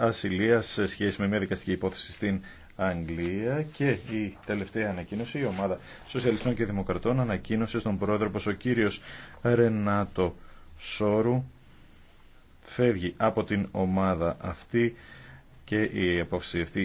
ασυλίας σε σχέση με μια δικαστική υπόθεση στην Αγγλία και η τελευταία ανακοίνωση, η ομάδα Σοσιαλιστών και Δημοκρατών ανακοίνωσε στον πρόεδρο πως ο κύριος Ρενάτο Σόρου φεύγει από την ομάδα αυτή και η απόφαση αυτή